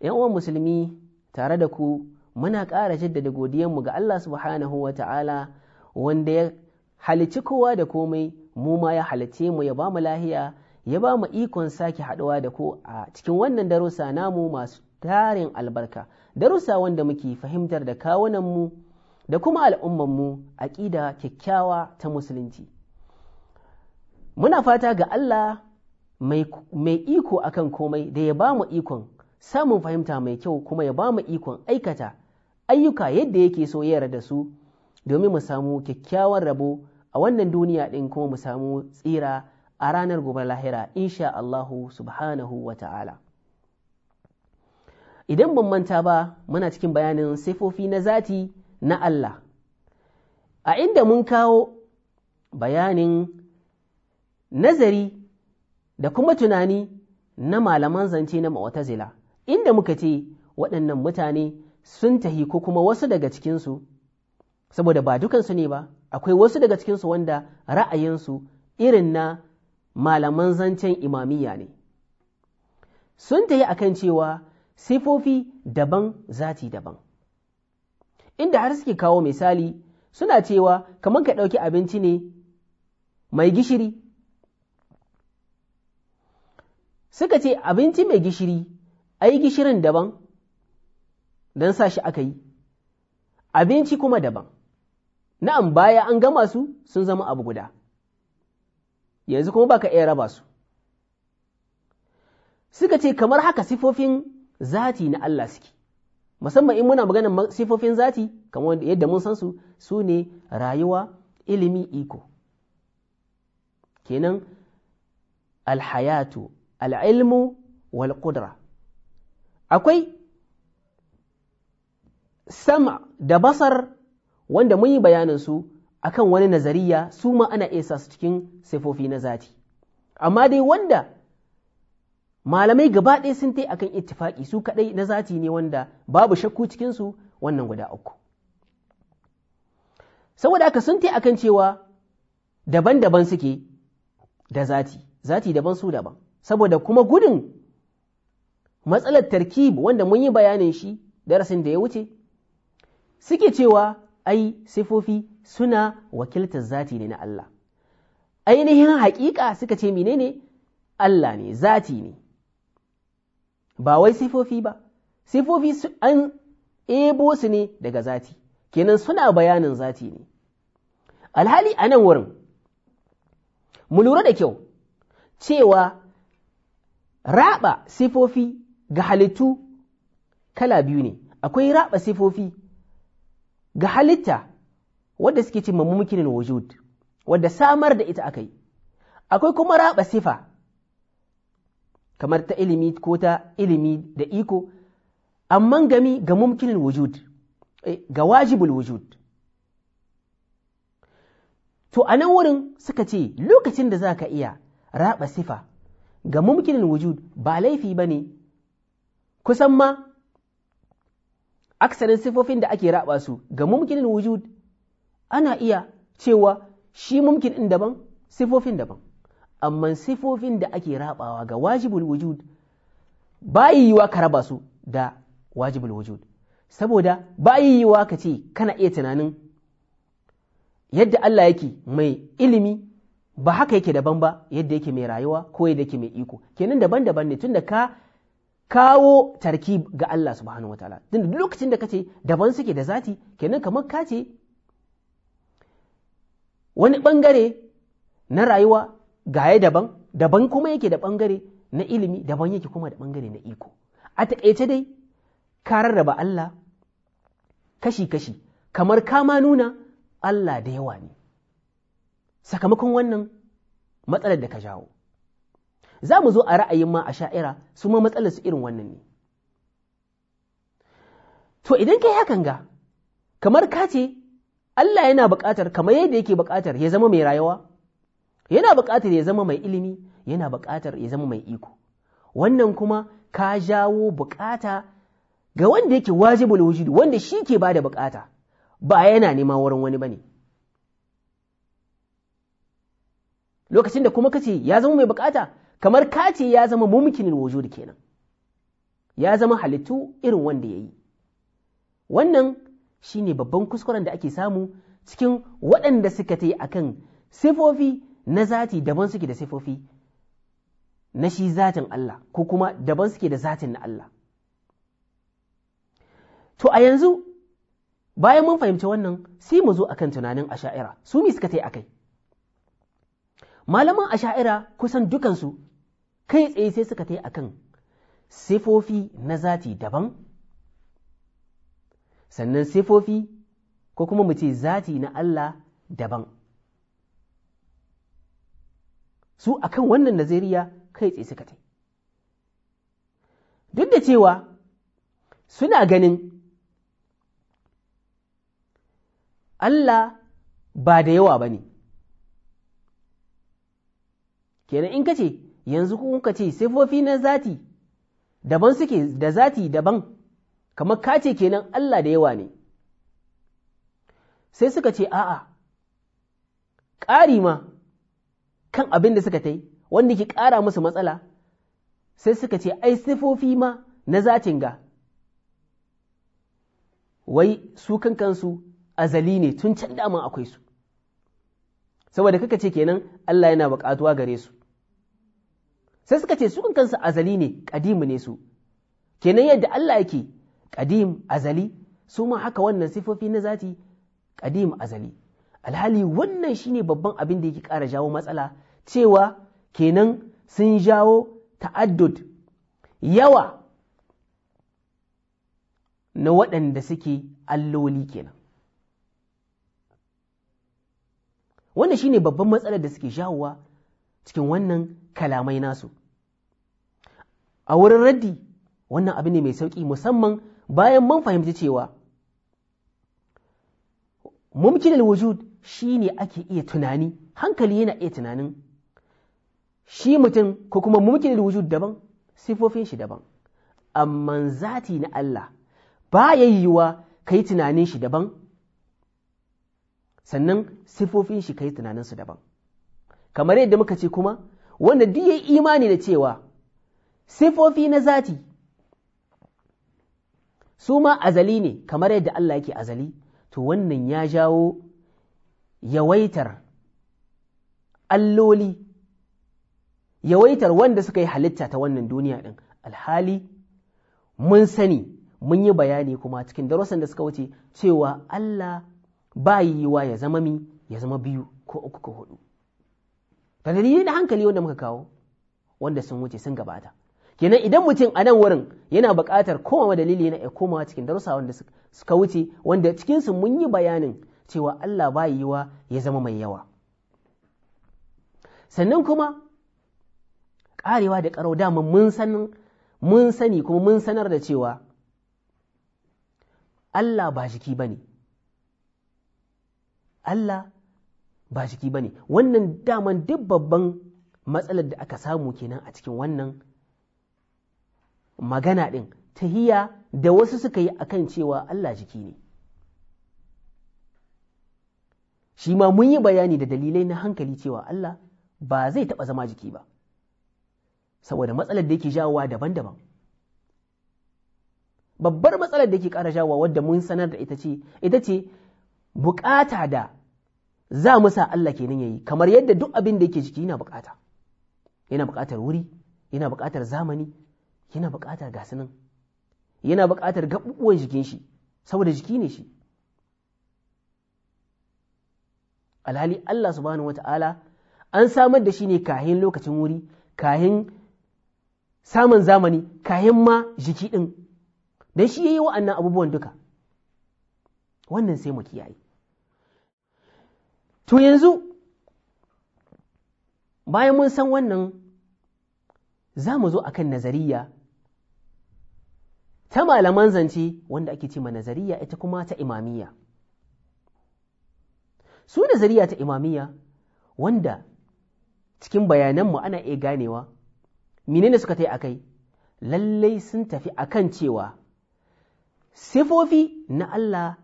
‘yan musulmi tare da ku muna ƙara jaddada godiyanmu ga Allah subhanahu wa ta'ala wanda ya halici kowa da komai mu ma ya halice mu ya ba mu lahiya ya ba mu ikon sake haɗuwa da ku a cikin wannan darussa namu masu tarin albarka darussa wanda muke fahimtar da kawunanmu da kuma al'ummanmu aƙida kyakkyawa ta musulunci muna fata ga Allah mai iko akan komai da ya ba mu ikon samun fahimta mai kyau kuma ya ba mu ikon aikata ayyuka yadda yake so ya da su domin mu samu kyakkyawan rabo a wannan duniya ɗin kuma mu samu tsira a ranar gobe lahira insha Allahu subhanahu wa ta'ala. Idan ban manta ba muna cikin bayanin sifofi na zati na Allah, a inda mun kawo bayanin nazari da kuma tunani na malaman zance na zila. inda muka ce waɗannan mutane sun tahi ko kuma wasu daga cikinsu saboda ba dukansu ne ba akwai wasu daga cikinsu wanda ra'ayinsu irin na malaman zancen imamiyya ne sun tahi akan cewa sifofi daban zati daban inda har suke kawo misali suna cewa kamar ka ɗauki abinci ne mai gishiri suka ce abinci mai gishiri ai gishirin daban don sa shi aka yi abinci kuma daban na'am baya an gama su sun zama abu guda yanzu kuma baka iya raba su suka ce kamar haka sifofin zati na Allah suke musamman in muna maganin sifofin zati kamar yadda mun san su su ne rayuwa ilimi iko kenan alhayatu al'ilmu wal qudra akwai sama da basar wanda mun yi bayanin su akan wani nazariya su ma ana isa su cikin sifofi na zati amma dai wanda malamai gaba ɗaya sun tai akan ittifaki su kaɗai na zati ne wanda babu shakku cikinsu wannan guda uku saboda aka sun tai akan cewa daban-daban suke da zati zati daban su daban saboda kuma gudun matsalar tarkib wanda mun yi bayanin shi darasin da ya wuce suke cewa ai sifofi suna wakiltar zati ne na Allah ainihin haƙiƙa suka ce menene Allah ne zati ne ba wai sifofi ba sifofi an ebo su ne daga zati kenan suna bayanin zati ne alhali a nan wurin mu lura da kyau cewa raba sifofi ga halittu kala biyu ne akwai raba sifofi ga halitta wadda suke ce mamumkinin wujud wadda samar da ita akai akwai kuma raba sifa kamar ta ilimi ko ta ilimi da iko amma gami ga mumkinin wujud eh, ga wajibul wujud to a nan wurin suka ce lokacin da za ka iya raba sifa ga mumkinin wujud ba laifi ba ne kusan ma aksarin sifofin da ake raba su ga mumkinin wujud ana iya cewa shi mumkin daban sifofin daban amma sifofin da ake rabawa ga wajibul wujud ba yiwa ka raba su da wajibul wujud saboda ba yiwa ka ce kana iya tunanin yadda Allah yake mai ilimi ba haka yake daban ba yadda yake mai rayuwa ko yadda yake mai iko kenan daban-daban ne tunda ka kawo tarki ga Allah subhanahu wa ta'ala din lokacin da kace daban suke da zati kenan kamar kace wani bangare na rayuwa gaye daban daban kuma yake da bangare na ilimi daban yake kuma da bangare na iko a takaice dai ka rarraba Allah kashi-kashi kamar ka ma nuna Allah da yawa ne sakamakon wannan matsalar da ka jawo za mu zo a ra'ayin ma a sha'ira su ma matsalar su irin wannan ne to idan kai hakan ga kamar ka ce Allah yana buƙatar kamar yadda yake buƙatar ya zama mai rayuwa yana buƙatar ya zama mai ilimi yana buƙatar ya zama mai iko wannan kuma ka jawo buƙata ga wanda yake wajibul wujudu wanda shi ke bada buƙata ba yana nema wurin wani bane lokacin da kuma kace ya zama mai buƙata kamar kace ya zama mumkinin wujud kenan ya zama halittu irin wanda ya yi wannan shine babban kuskuren da ake samu cikin waɗanda suka ta yi a kan sifofi na zati daban suke da sifofi na shi zatin Allah ko kuma daban suke da zatin na Allah to a yanzu bayan mun fahimci wannan sai mu zo akan tunanin asha'ira su mi suka ta yi a kai malaman asha'ira kusan dukansu kai tsaye sai suka ta yi akan sifofi na zati daban sannan sifofi ko kuma mu ce zati na Allah daban su akan wannan nazariya kai tsaye suka ta duk da cewa suna ganin Allah ba da yawa ba ne kenan in ka ce yanzu kuka ce sifofi na zati daban suke da zati daban kamar ka ce kenan Allah da yawa ne sai suka ce a'a ƙari ma kan abin da suka tai wanda ke ƙara musu matsala sai suka ce ai sifofi ma na zatin ga wai su kankansu azali ne tun can dama akwai su saboda kaka ce kenan Allah yana bukatuwa gare su sai suka ce su kansu azali ne kadimu ne su kenan yadda Allah yake kadim azali su ma haka wannan sifofi na zati kadim azali alhali wannan shine babban abin da yake kara jawo matsala cewa kenan sun jawo ta'addud yawa na waɗanda suke alloli kenan wannan shine babban matsalar da suke jawowa cikin wannan kalamai nasu a wurin raddi wannan abu ne mai sauƙi musamman bayan mun fahimci cewa mumkin wujud shi ne ake iya tunani hankali yana iya tunanin shi mutum ko kuma mumkin wujud daban sifofin shi daban amma zati na Allah ba ya yiwuwa ka yi tunanin shi daban sannan sifofin shi ka yi tunaninsu daban kamar yadda muka ce kuma wanda duk yayi imani da cewa sifofi na zati su ma azali ne kamar yadda Allah yake azali to wannan ya jawo yawaitar alloli yawaitar wanda suka yi halitta ta wannan duniya ɗin alhali mun sani mun yi bayani kuma cikin darussan da suka wuce cewa Allah ba yiwa ya zama mi ya zama biyu ko uku ko hudu da ne da hankali wanda muka kawo wanda sun wuce sun gabata kenan idan mutum a nan wurin yana buƙatar komawa dalili yana komawa cikin darussa wanda suka wuce wanda cikin su mun yi bayanin cewa Allah ba yiwa ya zama mai yawa sannan kuma karewa da ƙarau dama mun sanin mun sani kuma mun sanar da cewa Allah ba jiki bane Allah ba jiki ba ne wannan daman duk babban matsalar da aka samu kenan a cikin wannan magana ɗin tahiya da wasu suka yi akan cewa Allah jiki ne shi ma mun yi bayani da dalilai na hankali cewa Allah ba zai taɓa zama jiki ba saboda matsalar da yake jawowa daban-daban babbar matsalar da yake ƙara jawowa wadda mun sanar da ita ce ita ce bukata da za mu sa Allah kenan yayi kamar yadda duk abin da yake jiki yana bukata yana bukatar wuri yana bukatar zamani yana bukatar gasinin yana bukatar gabubuwan jikin shi saboda jiki ne shi alhali Allah subhanahu wata'ala an samar da shi ne kahin lokacin wuri kahin samun zamani kahin ma jiki din, dan shi ya yi wa'annan abubuwan duka wannan sai mu kiyaye To yanzu, bayan mun san wannan za mu zo akan kan nazariya ta malaman zance wanda ake ce ma nazariya ita kuma ta imamiya. Su nazariya ta imamiya wanda cikin bayananmu ana iya ganewa, menene suka ta a kai, lallai sun tafi akan cewa sifofi na Allah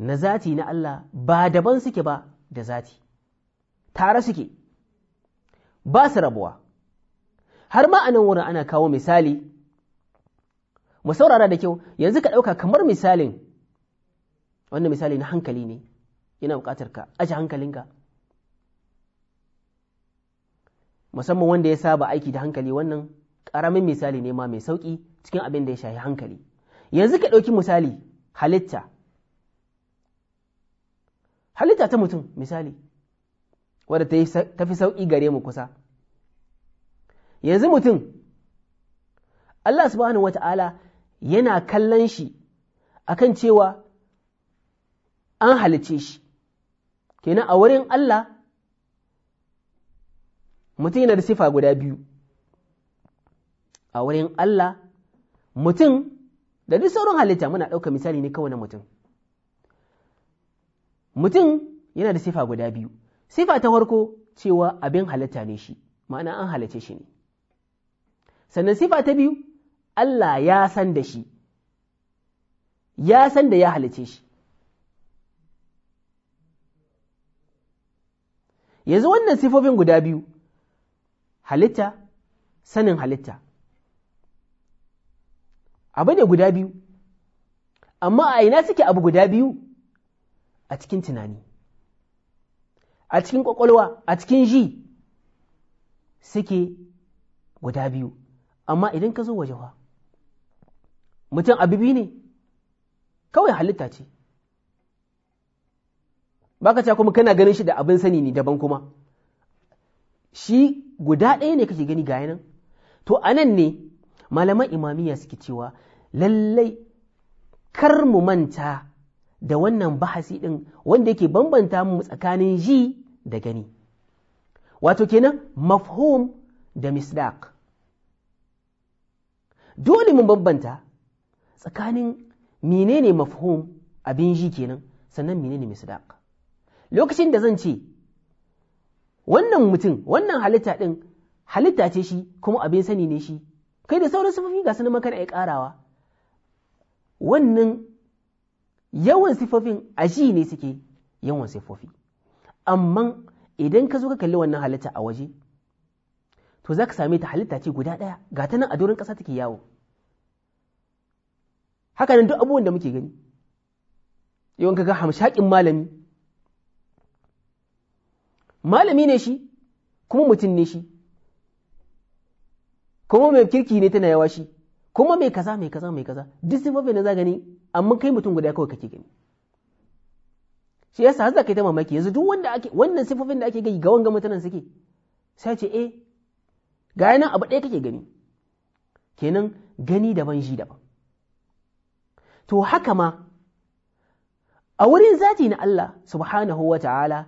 na zati na Allah ba daban suke ba da zati tare suke ba su rabuwa har ma a nan wurin ana kawo misali mu saurara da kyau yanzu ka ɗauka kamar misalin wannan misali na hankali ne yana buƙatar ka aji hankalinka musamman wanda ya saba aiki da hankali wannan ƙaramin misali ne ma mai sauƙi cikin abin da ya shahi hankali yanzu ka ɗauki misali halitta halitta ta mutum misali wadda ta fi sauƙi gare mu kusa yanzu mutum Allah subhanahu wata'ala yana kallon shi akan cewa an halice shi kenan a wurin Allah mutum yana da sifa guda biyu a wurin Allah mutum da duk sauran halitta muna ɗauka misali ne kawai na mutum mutum yana da sifa guda biyu sifa ta farko cewa abin halitta ne shi ma'ana an halice shi ne sannan sifa ta biyu Allah ya san da shi ya san da ya halice shi yanzu wannan sifofin guda biyu halitta sanin halitta abu ne guda biyu amma a ina suke abu guda biyu a cikin tunani a cikin ƙwaƙwalwa a cikin ji suke guda biyu amma idan ka zo waje fa mutum abibi ne kawai halitta ce ba ka kuma kana ganin shi da abin sani ne daban kuma shi guda ɗaya ne kake gani gayanan yanan. to a nan ne malaman imamiyya suke cewa lallai kar mu manta da wannan bahasi ɗin wanda yake bambanta mu tsakanin ji da gani wato kenan mafhum da misdaq dole mu bambanta tsakanin menene mafhum abin ji kenan sannan menene misdaq lokacin da zan ce wannan mutum wannan halitta ɗin halitta ce shi kuma abin sani ne shi kai da sauran sufafi ga sanin makar ya karawa wannan yawan sifofin aji ne suke yawan sifofi amma idan ka zo ka kalli wannan halitta a waje to za ka same ta halitta ce guda ɗaya ga ta nan a doron ƙasa take yawo haka nan duk abubuwan da muke gani yawan ka ga hamshakin malami malami ne shi kuma mutum ne shi kuma mai kirki ne tana yawa shi kuma mai kaza mai kaza mai kaza duk sifofi na za gani amma kai mutum guda kawai kake gani shi yasa har kai ta mamaki yanzu duk wanda ake wannan sifofin da ake gani ga wanga mutanen suke sai ce eh ga nan abu ɗaya kake gani kenan gani daban shi daban to haka ma a wurin zati na Allah subhanahu wa ta'ala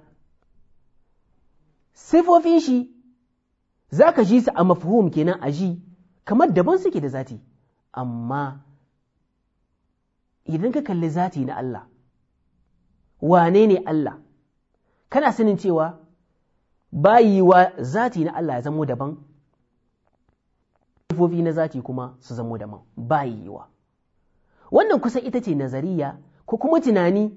sifofin shi za ka ji su a mafhum kenan a ji kamar daban suke da zati amma idan ka kalli zati na Allah wane ne Allah kana sanin cewa bayiwa zati na Allah ya zamo daban sifofi na zati kuma su zamo daban bayiwa wannan kusa ita ce nazariya ko kuma tunani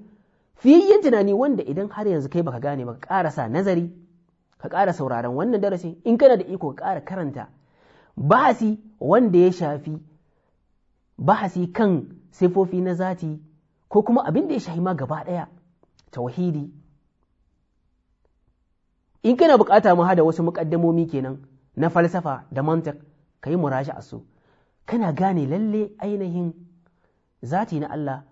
fiyayyen tunani wanda idan har yanzu kai baka gane baka karasa nazari ka ƙara sauraron wannan darasin in kana da iko ka ƙara karanta basi wanda ya shafi bahasi kan sifofi na zati ko kuma abin da ya shahi ma gaba ɗaya tauhidi in kana bukata mu hada wasu muƙaddamomi kenan na falsafa da mantak ka yi muraji a su kana gane lalle ainihin zati na Allah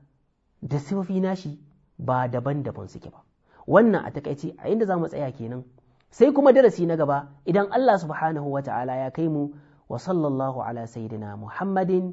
da sifofi nashi ba daban-daban suke ba wannan a takaice a inda za mu tsaya kenan sai kuma darasi na gaba idan Allah subhanahu wa ta'ala ya kai mu wa sallallahu ala sayyidina Muhammadin